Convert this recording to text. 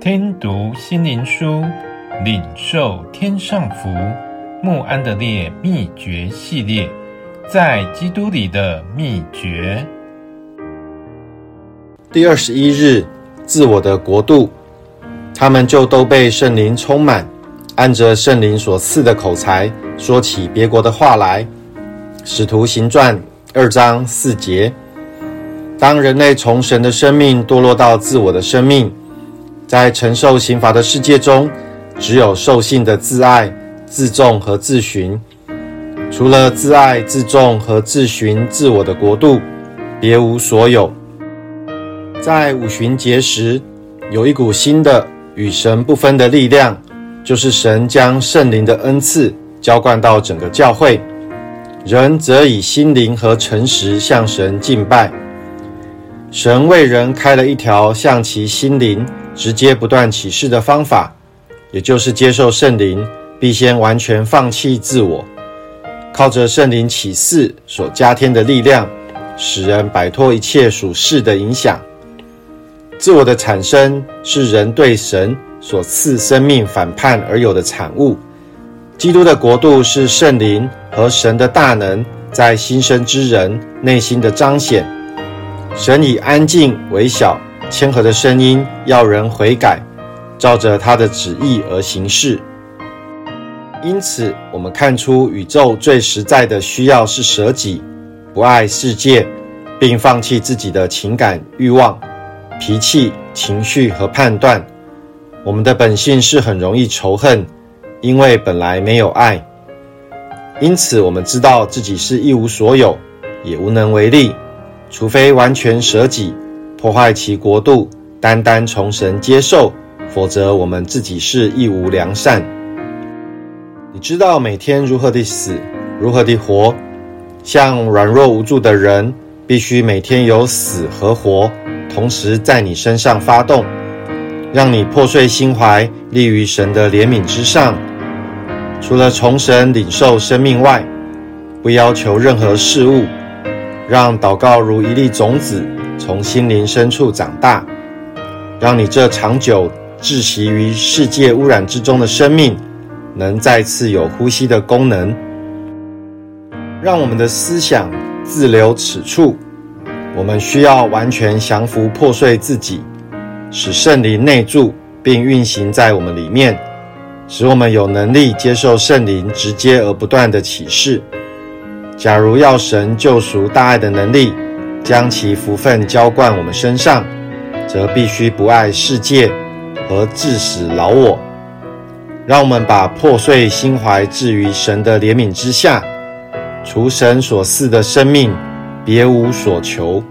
聽讀心靈書，領受天上福。穆安德烈秘訣系列，在基督裡的秘訣。第二十一日，自我的國度，他們就都被聖靈充滿，按着聖靈所賜的口才，說起別國的話來。使徒行傳二章四節。當人類從神的生命墮落到自我的生命。在承受刑罰的世界中，只有獸性的自愛、自重和自尋。除了自愛、自重和自尋自我的國度，別無所有。在五旬節時，有一股新的與神不分的力量，就是神將聖靈的恩賜澆灌到整個教會，人則以心靈和誠實向神敬拜。神為人開了一條向其心靈，直接不斷啟示的方法，也就是接受聖靈，必先完全放棄自我，靠着聖靈啟示所加添的力量，使人擺脫一切屬世的影響。自我的產生是人對神所賜生命反叛而有的產物。基督的國度是聖靈和神的大能在新生之人內心的彰顯。神以安靜、微小、謙和的聲音要人悔改，照着他的旨意而行事。因此，我們看出宇宙最實在的需要是捨己，不愛世界，並放棄自己的情感、欲望、脾氣、情緒和判斷。我們的本性是很容易仇恨，因為本來沒有愛。因此，我們知道自己是一無所有，也無能為力，除非完全捨己。破壞其國度，單單從神接受，否則我們自己是亦無良善一無良善。你知道每天如何地死，如何地活，像軟弱無助的人，必須每天有死和活，同時在你身上發動，讓你破碎心懷，立於神的憐憫之上。除了從神領受生命外，不要求任何事物，讓禱告如一粒種子，從心靈深處長大，讓你這長久窒息於世界污染之中的生命，能再次有呼吸的功能。讓我們的思想滯留此處，我們需要完全降服破碎自己，使聖靈內住並運行在我們裡面，使我們有能力接受聖靈直接而不斷的啟示。假如要神救贖大愛的能力。將其福分澆灌我們身上，則必須不愛世界和治死老我。讓我們把破碎心懷置於神的憐憫之下，除神所賜的生命，別無所求。